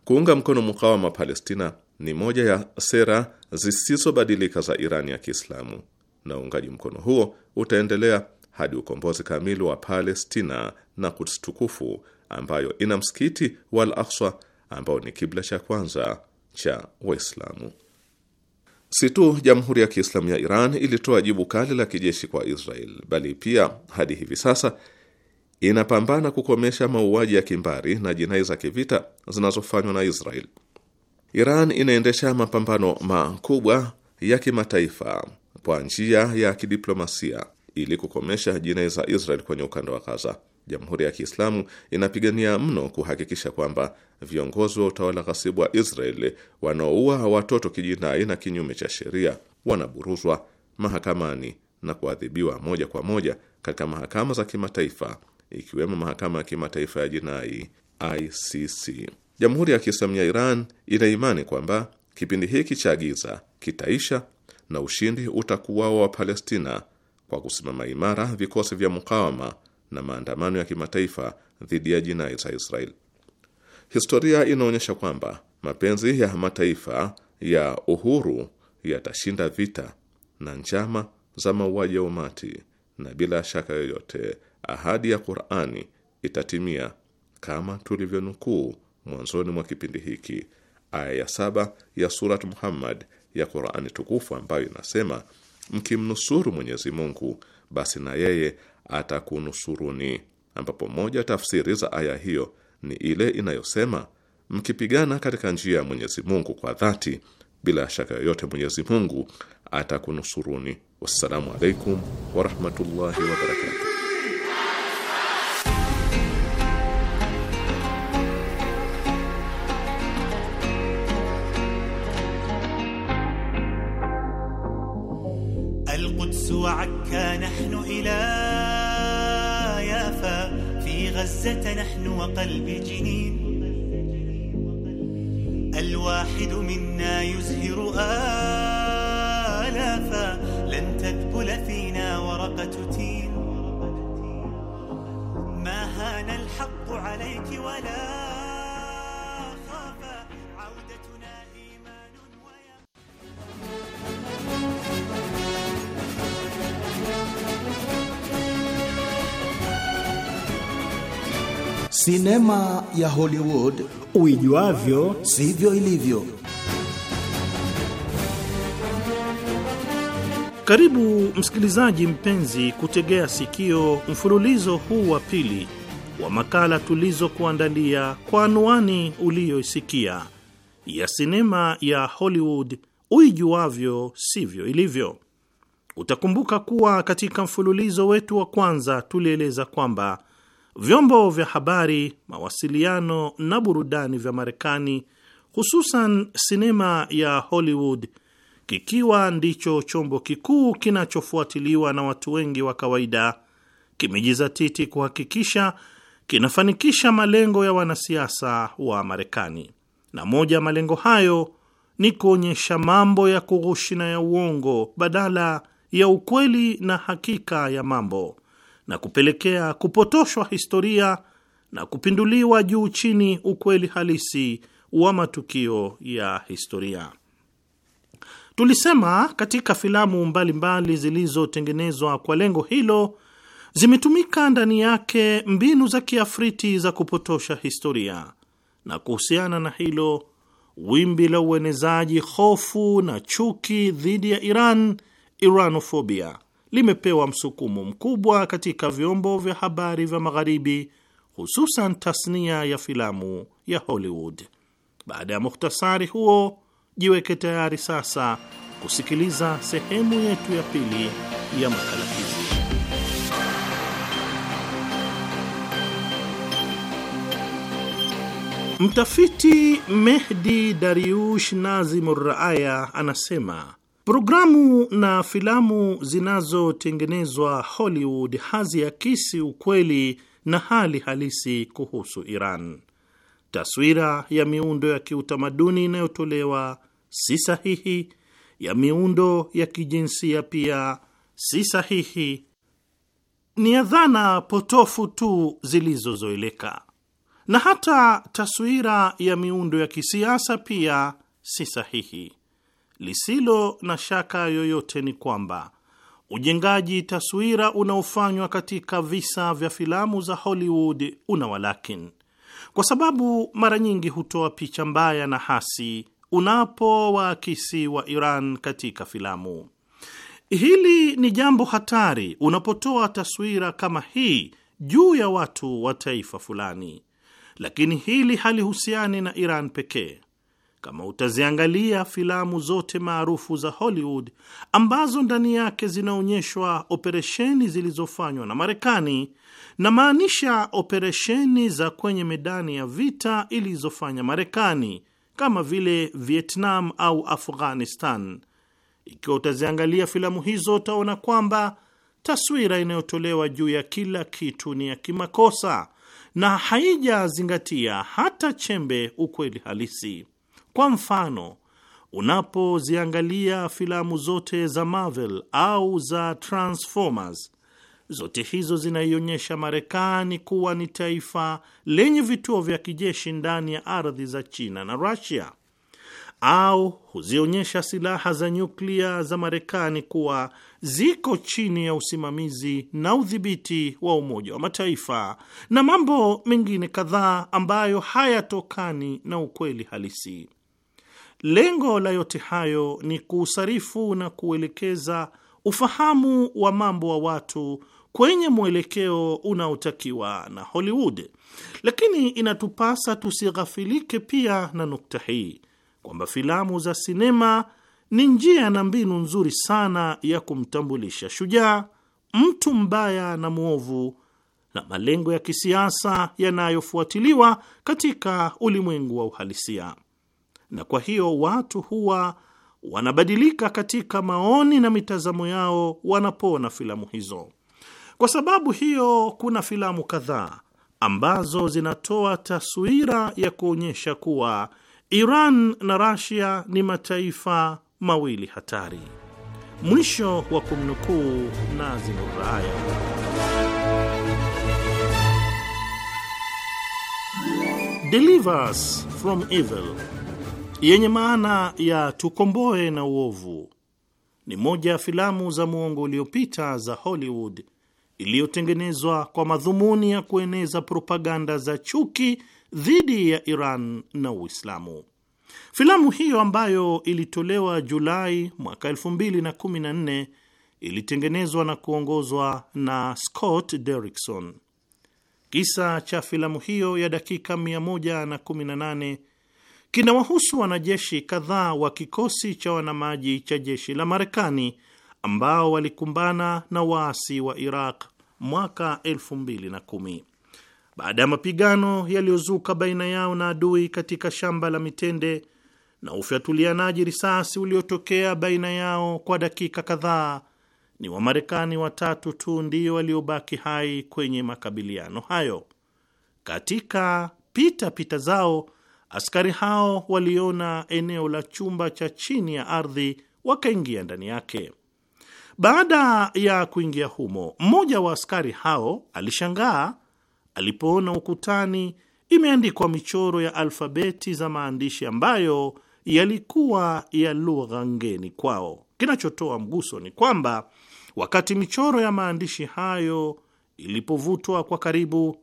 Kuunga mkono mukawama Palestina ni moja ya sera zisizobadilika za Iran ya Kiislamu, na uungaji mkono huo utaendelea hadi ukombozi kamili wa Palestina na Quds tukufu ambayo ina msikiti wa Al-Aqsa ambao ni kibla cha kwanza cha Waislamu. Si tu Jamhuri ya Kiislamu ya Iran ilitoa jibu kali la kijeshi kwa Israel, bali pia hadi hivi sasa inapambana kukomesha mauaji ya kimbari na jinai za kivita zinazofanywa na Israel. Iran inaendesha mapambano makubwa ya kimataifa kwa njia ya kidiplomasia ili kukomesha jinai za Israel kwenye ukanda wa Gaza. Jamhuri ya Kiislamu inapigania mno kuhakikisha kwamba viongozi wa utawala ghasibu wa Israeli wanaoua watoto kijinai na kinyume cha sheria wanaburuzwa mahakamani na kuadhibiwa moja kwa moja katika mahakama za kimataifa ikiwemo mahakama ya kimataifa ya jinai ICC. Jamhuri ya Kiislamu ya Iran ina imani kwamba kipindi hiki cha giza kitaisha na ushindi utakuwa wa Palestina kwa kusimama imara vikosi vya mukawama na maandamano ya kimataifa dhidi ya jinai za Israel. Historia inaonyesha kwamba mapenzi ya mataifa ya uhuru yatashinda vita na njama za mauaji ya umati, na bila shaka yoyote ahadi ya Qur'ani itatimia kama tulivyonukuu mwanzoni mwa kipindi hiki aya ya saba ya Surat Muhammad ya Qur'ani tukufu ambayo inasema, mkimnusuru Mwenyezi Mungu basi na yeye atakunusuruni, ambapo moja tafsiri za aya hiyo ni ile inayosema mkipigana katika njia ya Mwenyezi Mungu kwa dhati, bila shaka yoyote Mwenyezi Mungu atakunusuruni. Wassalamu alaikum warahmatullahi wabarakatu. نحن وقلب جنين الواحد منا يزهر آلافا لن تذبل فينا ورقة تين ما هان الحق عليك ولا Sinema ya Hollywood uijuavyo sivyo ilivyo. Karibu msikilizaji mpenzi, kutegea sikio mfululizo huu wa pili wa makala tulizokuandalia kwa anwani uliyoisikia ya sinema ya Hollywood uijuavyo sivyo ilivyo. Utakumbuka kuwa katika mfululizo wetu wa kwanza tulieleza kwamba vyombo vya habari, mawasiliano na burudani vya Marekani, hususan sinema ya Hollywood kikiwa ndicho chombo kikuu kinachofuatiliwa na watu wengi wa kawaida, kimejizatiti kuhakikisha kinafanikisha malengo ya wanasiasa wa Marekani, na moja ya malengo hayo ni kuonyesha mambo ya kughushi na ya uongo badala ya ukweli na hakika ya mambo na kupelekea kupotoshwa historia na kupinduliwa juu chini ukweli halisi wa matukio ya historia. Tulisema katika filamu mbalimbali zilizotengenezwa kwa lengo hilo zimetumika ndani yake mbinu za kiafriti za kupotosha historia. Na kuhusiana na hilo, wimbi la uenezaji hofu na chuki dhidi ya Iran, Iranofobia, limepewa msukumo mkubwa katika vyombo vya habari vya Magharibi, hususan tasnia ya filamu ya Hollywood. Baada ya muhtasari huo, jiweke tayari sasa kusikiliza sehemu yetu ya pili ya makala hizi. Mtafiti Mehdi Dariush Nazimur Raaya anasema Programu na filamu zinazotengenezwa Hollywood haziakisi ukweli na hali halisi kuhusu Iran. Taswira ya miundo ya kiutamaduni inayotolewa si sahihi, ya miundo ya kijinsia pia si sahihi, ni ya dhana potofu tu zilizozoeleka, na hata taswira ya miundo ya kisiasa pia si sahihi. Lisilo na shaka yoyote ni kwamba ujengaji taswira unaofanywa katika visa vya filamu za Hollywood una walakin, kwa sababu mara nyingi hutoa picha mbaya na hasi unapowaakisi wa Iran katika filamu. Hili ni jambo hatari unapotoa taswira kama hii juu ya watu wa taifa fulani, lakini hili halihusiani na Iran pekee kama utaziangalia filamu zote maarufu za Hollywood ambazo ndani yake zinaonyeshwa operesheni zilizofanywa na Marekani, na maanisha operesheni za kwenye medani ya vita ilizofanya Marekani kama vile Vietnam au Afghanistan. Ikiwa utaziangalia filamu hizo, utaona kwamba taswira inayotolewa juu ya kila kitu ni ya kimakosa na haijazingatia hata chembe ukweli halisi. Kwa mfano, unapoziangalia filamu zote za Marvel au za Transformers, zote hizo zinaionyesha Marekani kuwa ni taifa lenye vituo vya kijeshi ndani ya ardhi za China na Russia, au huzionyesha silaha za nyuklia za Marekani kuwa ziko chini ya usimamizi na udhibiti wa Umoja wa Mataifa na mambo mengine kadhaa ambayo hayatokani na ukweli halisi. Lengo la yote hayo ni kuusarifu na kuelekeza ufahamu wa mambo wa watu kwenye mwelekeo unaotakiwa na Hollywood. Lakini inatupasa tusighafilike pia na nukta hii kwamba filamu za sinema ni njia na mbinu nzuri sana ya kumtambulisha shujaa, mtu mbaya na mwovu, na malengo ya kisiasa yanayofuatiliwa katika ulimwengu wa uhalisia na kwa hiyo watu huwa wanabadilika katika maoni na mitazamo yao wanapoona filamu hizo. Kwa sababu hiyo, kuna filamu kadhaa ambazo zinatoa taswira ya kuonyesha kuwa Iran na Russia ni mataifa mawili hatari. Mwisho wa kumnukuu Nazinur Raaya. Delivers from evil yenye maana ya tukomboe na uovu ni moja ya filamu za muongo uliopita za Hollywood iliyotengenezwa kwa madhumuni ya kueneza propaganda za chuki dhidi ya Iran na Uislamu. Filamu hiyo ambayo ilitolewa Julai mwaka 2014 ilitengenezwa na kuongozwa na Scott Derrickson. Kisa cha filamu hiyo ya dakika 118 kinawahusu wanajeshi kadhaa wa kikosi cha wanamaji cha jeshi la Marekani ambao walikumbana na waasi wa Iraq mwaka 2010. Baada ya mapigano yaliyozuka baina yao na adui katika shamba la mitende na ufyatulianaji risasi uliotokea baina yao kwa dakika kadhaa, ni Wamarekani watatu tu ndio waliobaki hai kwenye makabiliano hayo. Katika pita pita zao Askari hao waliona eneo la chumba cha chini ya ardhi, wakaingia ndani yake. Baada ya kuingia humo, mmoja wa askari hao alishangaa alipoona ukutani imeandikwa michoro ya alfabeti za maandishi ambayo yalikuwa ya lugha ngeni kwao. Kinachotoa mguso ni kwamba wakati michoro ya maandishi hayo ilipovutwa kwa karibu,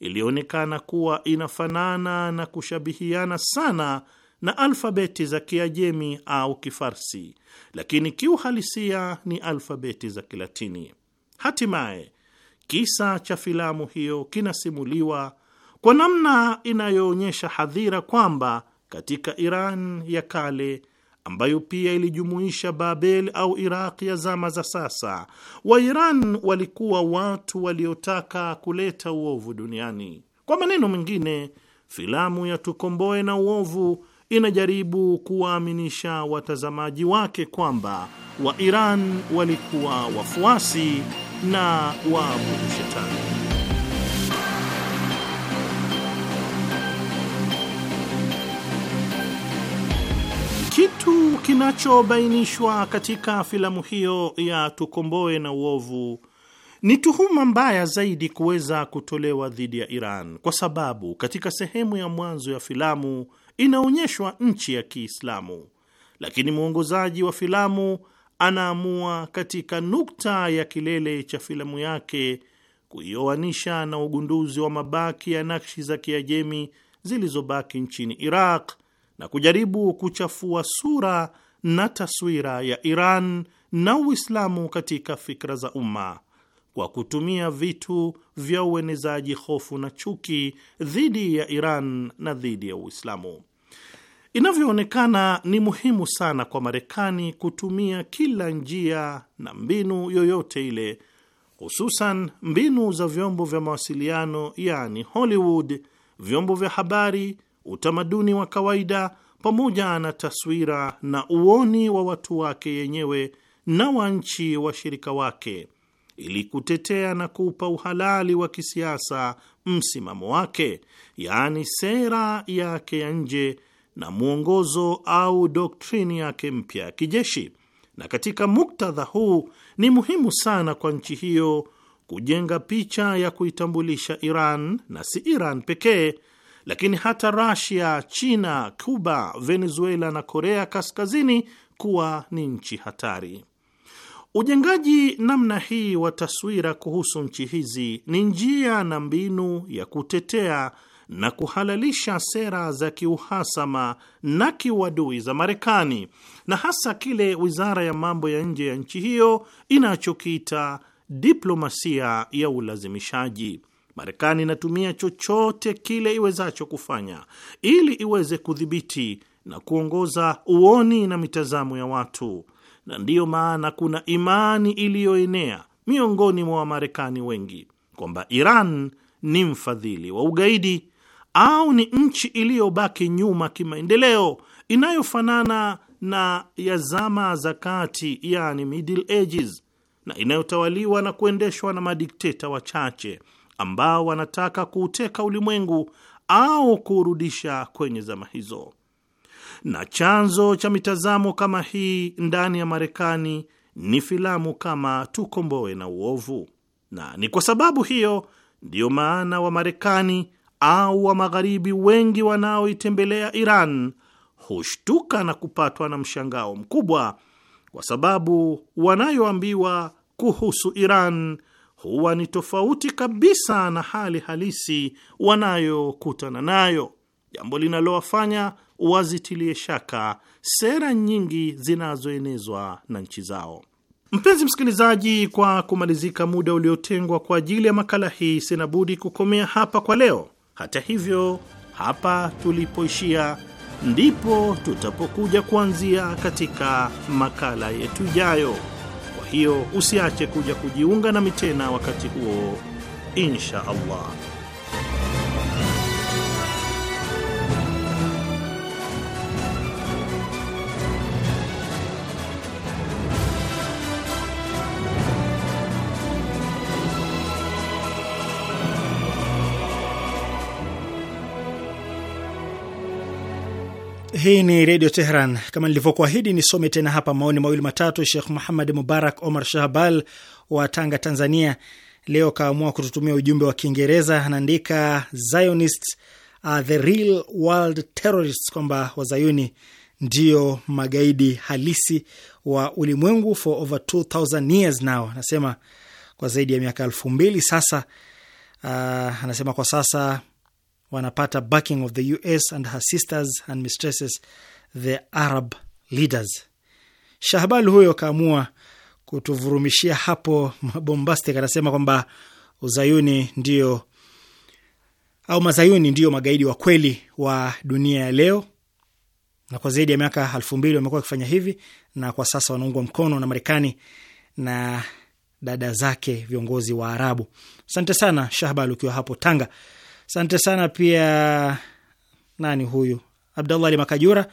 ilionekana kuwa inafanana na kushabihiana sana na alfabeti za Kiajemi au Kifarsi, lakini kiuhalisia ni alfabeti za Kilatini. Hatimaye kisa cha filamu hiyo kinasimuliwa kwa namna inayoonyesha hadhira kwamba katika Iran ya kale ambayo pia ilijumuisha Babel au Iraq ya zama za sasa, Wairan walikuwa watu waliotaka kuleta uovu duniani. Kwa maneno mengine, filamu ya Tukomboe na Uovu inajaribu kuwaaminisha watazamaji wake kwamba Wairan walikuwa wafuasi na waabudu shetani. Kitu kinachobainishwa katika filamu hiyo ya Tukomboe na Uovu ni tuhuma mbaya zaidi kuweza kutolewa dhidi ya Iran, kwa sababu katika sehemu ya mwanzo ya filamu inaonyeshwa nchi ya Kiislamu, lakini mwongozaji wa filamu anaamua katika nukta ya kilele cha filamu yake kuioanisha na ugunduzi wa mabaki ya nakshi za Kiajemi zilizobaki nchini Iraq na kujaribu kuchafua sura na taswira ya Iran na Uislamu katika fikra za umma kwa kutumia vitu vya uenezaji hofu na chuki dhidi ya Iran na dhidi ya Uislamu. Inavyoonekana ni muhimu sana kwa Marekani kutumia kila njia na mbinu yoyote ile, hususan mbinu za vyombo vya mawasiliano, yaani Hollywood, vyombo vya habari utamaduni wa kawaida, pamoja na taswira na uoni wa watu wake yenyewe na wa nchi washirika wake, ili kutetea na kuupa uhalali wa kisiasa msimamo wake, yaani sera yake ya nje na mwongozo au doktrini yake mpya ya kijeshi. Na katika muktadha huu ni muhimu sana kwa nchi hiyo kujenga picha ya kuitambulisha Iran na si Iran pekee lakini hata rasia China, Cuba, Venezuela na Korea Kaskazini kuwa ni nchi hatari. Ujengaji namna hii wa taswira kuhusu nchi hizi ni njia na mbinu ya kutetea na kuhalalisha sera za kiuhasama na kiuadui za Marekani na hasa kile wizara ya mambo ya nje ya nchi hiyo inachokiita diplomasia ya ulazimishaji. Marekani inatumia chochote kile iwezacho kufanya ili iweze kudhibiti na kuongoza uoni na mitazamo ya watu, na ndiyo maana kuna imani iliyoenea miongoni mwa Wamarekani wengi kwamba Iran ni mfadhili wa ugaidi au ni nchi iliyobaki nyuma kimaendeleo inayofanana na ya zama za kati, yani Middle Ages, na inayotawaliwa na kuendeshwa na madikteta wachache ambao wanataka kuuteka ulimwengu au kuurudisha kwenye zama hizo. Na chanzo cha mitazamo kama hii ndani ya Marekani ni filamu kama Tukomboe na Uovu, na ni kwa sababu hiyo ndiyo maana Wamarekani au wa Magharibi wengi wanaoitembelea Iran hushtuka na kupatwa na mshangao mkubwa, kwa sababu wanayoambiwa kuhusu Iran huwa ni tofauti kabisa na hali halisi wanayokutana nayo, jambo linalowafanya wazitilie shaka sera nyingi zinazoenezwa na nchi zao. Mpenzi msikilizaji, kwa kumalizika muda uliotengwa kwa ajili ya makala hii, sina budi kukomea hapa kwa leo. Hata hivyo, hapa tulipoishia ndipo tutapokuja kuanzia katika makala yetu ijayo hiyo usiache kuja kujiunga nami tena wakati huo, insha Allah. Hii ni Redio Teheran. Kama nilivyokuahidi, nisome tena hapa maoni mawili matatu. Shekh muhamad Mubarak Omar Shahbal wa Tanga, Tanzania, leo kaamua kututumia ujumbe wa Kiingereza. Anaandika, Zionist are the real world terrorists, kwamba wazayuni ndio magaidi halisi wa ulimwengu for over 2000 years now. Anasema kwa zaidi ya miaka elfu mbili sasa. Uh, anasema kwa sasa wanapata backing of the US and her sisters and mistresses the Arab leaders. Shahbal huyo kaamua kutuvurumishia hapo mabombastic, anasema kwamba uzayuni ndio au mazayuni ndio magaidi wa kweli wa dunia ya leo, na kwa zaidi ya miaka elfu mbili wamekuwa wakifanya hivi, na kwa sasa wanaungwa mkono na Marekani na dada zake viongozi wa Arabu. Asante sana Shahbal ukiwa hapo Tanga. Asante sana pia, nani huyu Abdallah Ali Makajura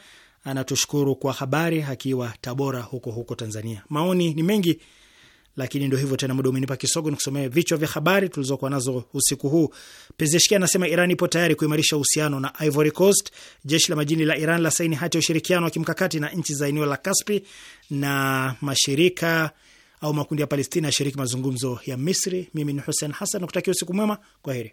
anatushukuru kwa habari akiwa Tabora huko huko Tanzania. Maoni ni mengi, lakini ndio hivyo tena, muda umenipa kisogo ni kusomea vichwa vya habari tulizokuwa nazo usiku huu. Pezeshkian anasema Iran ipo tayari kuimarisha uhusiano na Ivory Coast. Jeshi la majini la Iran la saini hati ya ushirikiano wa kimkakati na nchi za eneo la Kaspi, na mashirika au makundi ya Palestina yashiriki mazungumzo ya Misri. Mimi ni Hussein Hassan, nakutakia usiku mwema. Kwa heri.